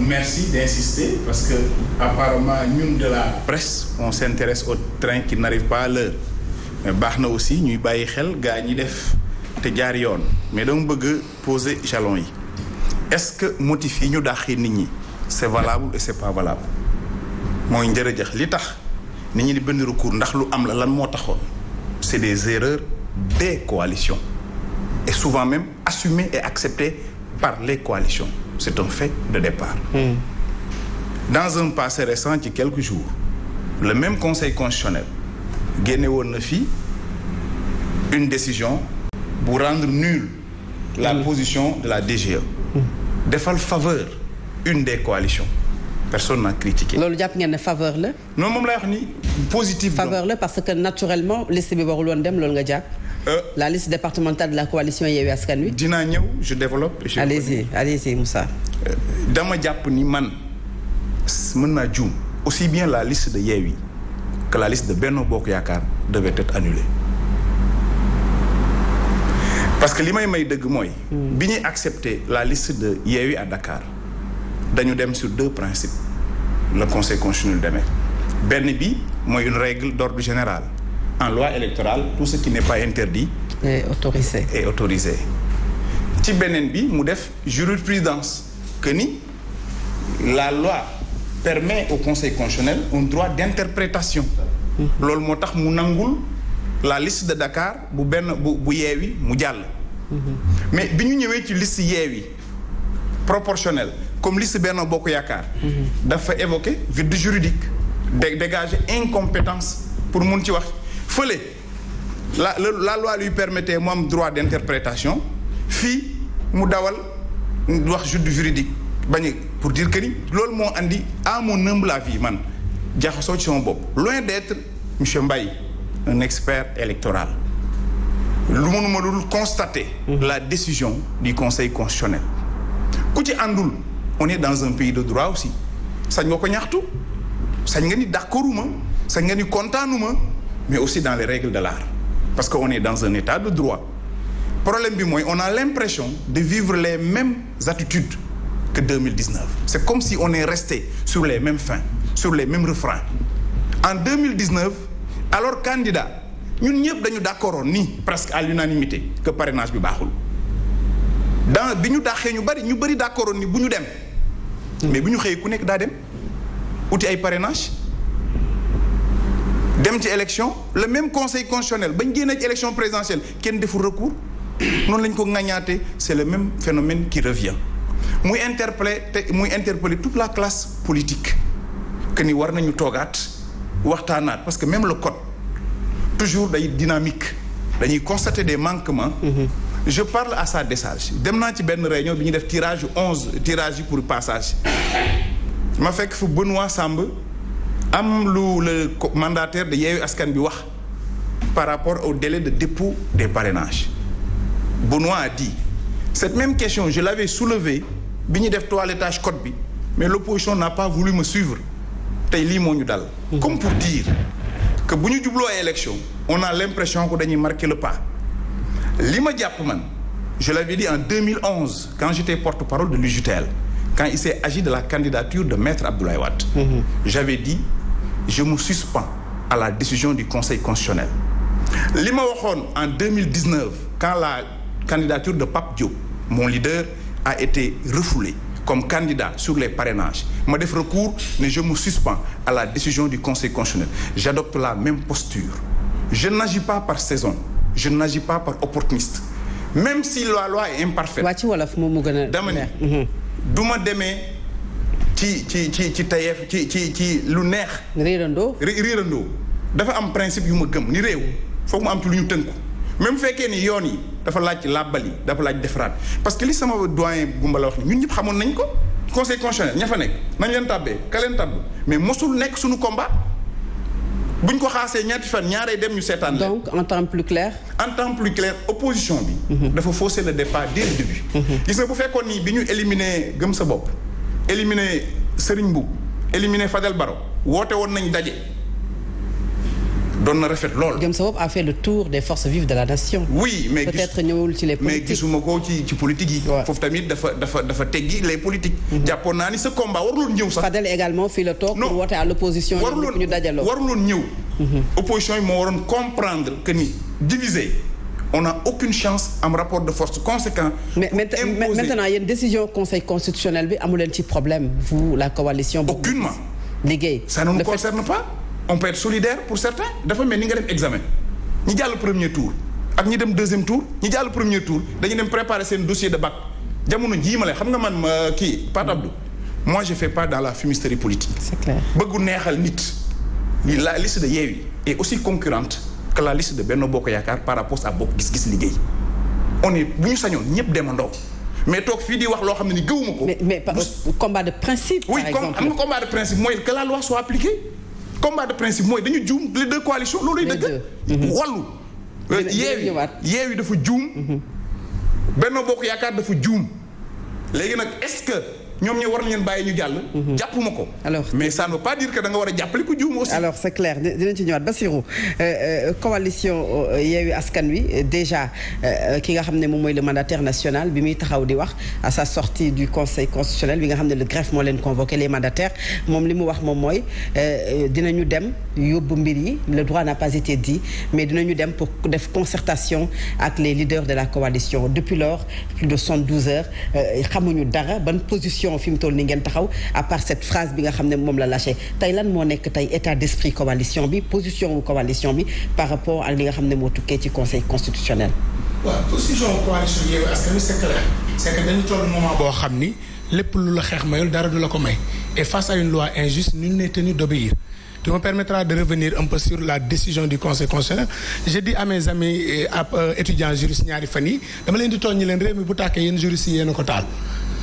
merci d'insister parce que apparemment nous de la presse on s'intéresse aux trains qui n'arrivent pas à l'heure mais nous aussi nous bàyyi xel def te jaar yoon mais nous bëgg poser jalon est-ce que motif nous ñu nous c'est valable et c'est pas valable Moi, li tax nit ñi recours ndax lu lan c'est des erreurs des coalitions et souvent même assumées et acceptées par les coalitions c'est un fait de départ. Hmm. dans un passé récent a quelques jours le même conseil constitutionnel a fait une décision pour rendre nulle la hmm. position de la DGE. Hmm. defal faveur une des coalitions. personne n'a critiqué. Vous avez fait ne faveur la. non moom lay ni positif. faveur la parce que naturellement les bi ont woon dem euh, la liste départementale de la coalition Yewi Askan Dina dinaa je développe. allez-y allez-y Moussa. Euh, dama mon ni man aussi bien la liste de Yewi que la liste de Benno Bokk Yakar devait être annulée parce que l'imam may may hmm. bien accepté la liste de Yewi à Dakar dañu sur deux principes le conseil constitutionnel de benn bi une règle d'ordre général en loi électorale tout ce qui n'est pas interdit. est autorisé est autorisé. ci beneen bi jurisprudence que ni la loi permet au conseil constitutionnel un droit d'interprétation. Mhm. Lol motax mu nangul la liste de Dakar bu ben bu yewi mu mhm. mais biñu ñëwé ci liste yewi proportionnelle comme liste Benno Bokk Yaakaar. Mhm. dafa évoquer vide juridique. dégager incompétence pour mon ci wax fële la la loi lui permettait moi droit d'interprétation Fi, mu dawal wax du juridique pour dire que ni loolu a andi à mon humble avis man ci loin d'être M. Mbaye un expert électoral le monde dul constater mhm. la décision du conseil constitutionnel ku on est dans un pays de droit aussi sañ connaît tout. ñaxtu sañ d'accord. ni d'accorduma sañ nga de content mais aussi dans les règles de l'art. Parce qu'on est dans un état de droit. Problème du moins, on a l'impression de vivre les mêmes attitudes que 2019. C'est comme si on est resté sur les mêmes fins, sur les mêmes refrains. En 2019, alors candidat, nous sommes d'accord, ni presque à l'unanimité, que le parrainage est bon. Dans bi ñu d'accord ñu bari ñu pas d'accord buñu dem mais buñu xey ku nek da dem outil ay parrainage dem les élection le même conseil constitutionnel y a une élection présidentielle qui deful recours non lañ ko c'est le même phénomène qui revient Moi vais moi toute la classe politique que ni war nañu togat wartanat. parce que même le code toujours day dynamique dañuy constater des manquements mm-hmm. je parle à sa décharge dem il ci benn réunion il y def tirage 11 tirage pour pour passage ma fait que Benoît Sambe, am le mandataire de Yewwi Askan par rapport au délai de dépôt des parrainages Benoît a dit cette même question je l'avais soulevée mais l'opposition n'a pas voulu me suivre mhm. comme pour dire que buñu élection on a l'impression que dañuy marquer le pas lima je l'avais dit en 2011 quand j'étais porte-parole de l'UJTL quand il s'est agi de la candidature de Maître Abdoulaye mhm. J'avais dit je me suspends à la décision du Conseil constitutionnel Lima en 2019 quand la candidature de Pape Diop mon leader a été refoulée comme candidat sur les parrainages ma def recours mais je me suspends à la décision du Conseil constitutionnel j'adopte la même posture je n'agis pas par saison je n'agis pas par opportuniste même si la loi est imparfaite. waa ci ci ci ci ci ci ci lu principe yu gëm ni réew foog am ci même fekkee ni yoon yi dafa laaj l'abali parce que li sama doyen Gumba wax ni ñun ñëpp xamoon nañ ko conseil ña fa nekk nañ leen tàbbee ka mais mosul nekk suñu combat buñ ko fan dem donc en temps plus clair. en temps plus clair opposition bi. Mhm. dafa le départ dès le début. Mhm. gis bu ni éliminer gëm éliminer Serigne éliminer Fadel Barro woote won nañ dajé. Don na rafet lol. Gëm sa a fait le tour des forces vives de la nation. oui mais peut-être ñëwul ci les politiques mais gisuma ko ci ci politique yi. foofu tamit dafa dafa dafa téggi les politiques. Mhm. jàppoon ce ni ce combat warul sax. Fadel également fait le tour non à l'opposition ñu ce qu'on ñëw. Mhm. opposition mo moo comprendre que ni diviser on n'a aucune chance en rapport de force conséquent. mais maintenant y a une décision conseil constitutionnel bi a un petit problème vous la coalition. aucunement. aucunement ça ne nous concerne pas on peut être solidaire pour certains dafa mais ni nga un examen ñi le premier tour ak ñi le deuxième tour ñi le premier tour dañu dem préparer un dossier de bac jamono jii dit, xam nga man moi je fais pas dans la fumisterie politique. c'est clair bëggu neexal nit. la liste de Yévi est aussi concurrente la liste de Benno Bokk par rapport à Bokk Gis on est nous nous, mais toi di wax mais euh, combat de principe. oui combat de principe que la loi soit appliquée. combat de principe Moi, dañu joom les deux coalitions looluy dëgg. Mhm. wallu euh, yeewi il dafa juum. Mhm. Benno Bokk dafa est-ce que ñom ñu war ñen bàyyi ñu jall mhm. jappumako alors mais ça ne veut pas dire que da nga wara a jàppale ku juum aussi. alors c'est clair dinañ ci ñëwaat Bassirou euh, euh, coalition euh, Yewwi Askan Wi déjà ki nga xamné mom moy le mandataire national bi mi taxaw di wax à sa sortie du conseil constitutionnel bi nga xamné le greffe mo leen convoqué les mandataires mom limu wax mom moy dinañu dem yobbu mbir yi le droit n'a pas été dit mais dinañu dem pour def concertation ak les leaders de la coalition depuis lors plus de 72 heures xamuñu dara ban position coalition fim mu toll ni ngeen taxaw à part cette phrase bi nga xamné mom la lâché tay lan mo nekk tay état d'esprit coalition bi position wu coalition bi par rapport à li nga xamné mo tuké ci conseil constitutionnel. waaw position coalition Yewwi Askan que c'est clair c'est que dañu toll moment boo xam ni lépp lu la xeex mayul dara du la ko may et face à une loi injuste nul n'est tenu d'obéir tu me permettras de revenir un peu sur la décision du conseil constitutionnel j'ai dit à mes amis ab euh, étudiants juristes ñaari fan yi dama leen di tooñ ñi leen réew mi bu tàkkee yéen juristes yi ko taal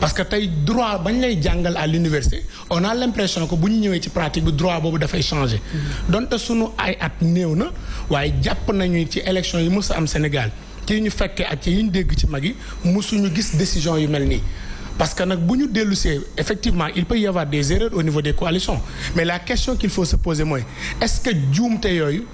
parce que tay droit bañ lay jangal à l'université on a l'impression que si ñëwé ci pratique droit da fay changer mm-hmm. donte suñu ay at néew na à l'élection nañu ci élection yi mës am Sénégal ci ñu fekkee ak ci ñu dégg ci mësuñu gis décision yu melni parce que nak buñu ñu effectivement il peut y avoir des erreurs au niveau des coalitions mais la question qu'il faut se poser moi, est-ce que juumte yooyu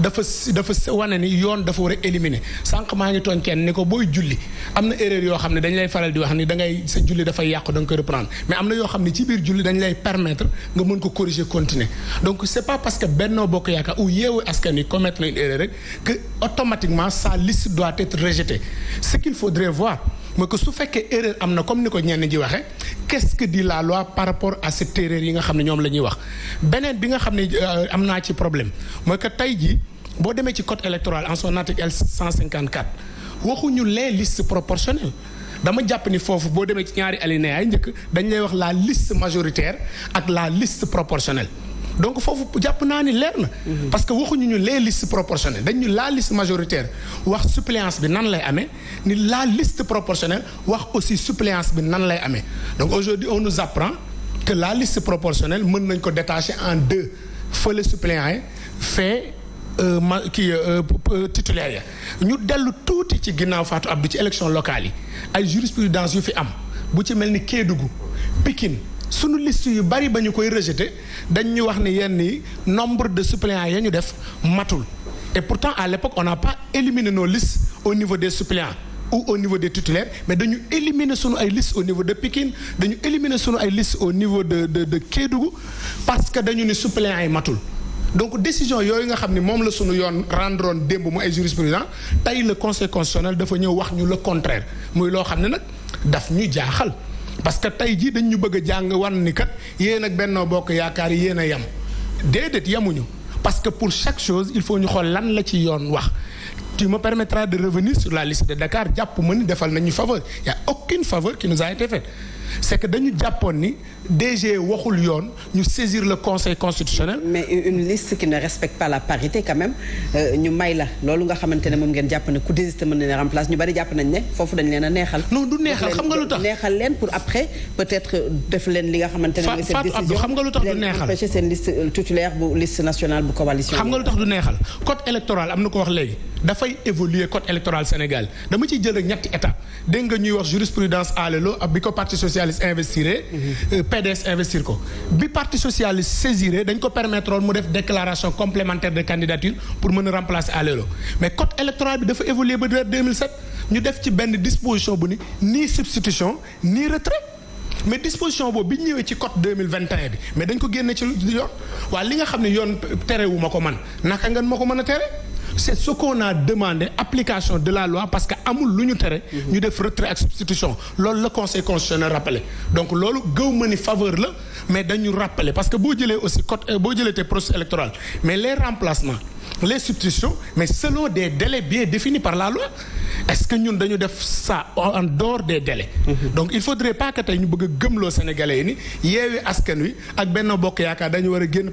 dafa dafa wane ni yoon dafa war a éliminer sànq maa ngi tooñ kenn ni ko booy julli am na erreur yoo xam ne dañ lay faral di wax ni da ngay sa julli dafay yàqu da nga koy reprendre mais am na yoo xam ne ci biir julli dañ lay permettre nga mën ko corriger continuer donc c' est pas parce que Benno Bokk Yaakaar ou Yewwi Askan Wi commettre na une erreur rek que automatiquement sa liste doit être rejetée ce qu'il faudrait voir mooy que su fekkee erreur am na comme ni ko ñenn ji waxee quest que dit la loi par rapport à cette erreur yi nga xam ne ñoom la ñuy wax beneen bi nga xam ne euh, am naa ci problème mooy que tey jii boo demee ci code électoral en son article L 154 waxuñu les listes proportionnelles dama jàpp ni foofu boo demee ci ñaari alinéa yi njëkk dañ lay wax la liste majoritaire ak la liste proportionnelle donc il faut que ni leer mhm. parce que waxuñu ñu les listes proportionnelles ñu la liste majoritaire wax suppléance bi nan lay amee ni la liste proportionnelle wax aussi suppléance bi nan lay amee donc aujourd'hui on nous apprend que la liste proportionnelle mën nañ ko détacher en deux fële suppléant yi fait euh, ma euh, euh, titulaire ya ñu dellu tuuti ci ginnaaw Fatou Abdou ci élection locale yi ay jurisprudence yu fi am bu ci mel ni Kédougou Pikine si liste yu bari bañu koy rejeté dañ ñu wax ni yenn nombre de suppléants ya def matul et pourtant à l'époque on n'a pas éliminé nos listes au niveau des suppléants ou au niveau des titulaires mais dañu éliminer éliminé ay listes au niveau de Pékin, dañu éliminer éliminé ay listes au niveau de de de Kédougou parce que dañu ni suppléants yi matul donc décision yooyu nga xam ni moom la sunu yoon rendron démb mu ay le conseil constitutionnel dafa ñëw wax ñu le contraire muy loo xam ne daf ñu jaaxal parce que tey jii dañ ñu bëgg a jàng wan ni kat yéen ak Benno Bokk Yaakaar yéen a yem déedéet yemuñu parce que pour chaque chose il faut ñu xool lan la ci yoon wax tu me permettras de revenir sur la liste de Dakar jàpp ma ni defal nañu faveur y a aucune faveur qui nous a été faite c'est que dañu jàppoon ni DG waxul yoon ñu saisir le conseil constitutionnel. mais une liste qui ne respecte pas la parité quand même euh, ñu may la loolu nga xamante ne nous ngeen jàpp ne ku désisté mën na ne remplace ñu bari jàpp nañ ne foofu dañ leen neexal. non du neexal xam nga lu neexal pour après peut-être def len li nga xamantene ne. cette décision xam nga lutax du neexal leen sen liste euh, titulaire bu liste nationale bu coalition. xam nga lutax du neexal code électoral amna ko wax da fay évoluer code électoral Sénégal dama ci jël rek ñetti état dégg nga ñuy wax jurisprudence à ak bi ko parti socialiste investiré. Euh, PDS investir ko bi parti socialiste saisirait, d'un ko permettre mu déclaration complémentaire de candidature pour me a remplacer l'euro mais code électoral bi dafa évoluer ba 2007 ñu def ci benn disposition bu ni ni substitution ni retrait. mais disposition bo bi ñu ci code bi mais dañ ko génne ci yoon waa li nga xamné ne téré terewuma ko man naka ngeen mako mëna téré c'est ce qu'on a demandé application de la loi parce que amul lu nous tere. Mhm. ñu def retrait substitution loolu le conseil constitutionnel rappelé donc devons gëw ma ni faveur la mais nous rappelé parce que le aussi code était euh, processus électoral mais les remplacements les substitutions mais selon des délais bien définis par la loi est-ce que nous devons faire ça en dehors des délais. Mhm. donc il faudrait pas que nous ñu bëgg a Sénégalais yi ni yeewi wi ak benn bokk yaakaar dañu nous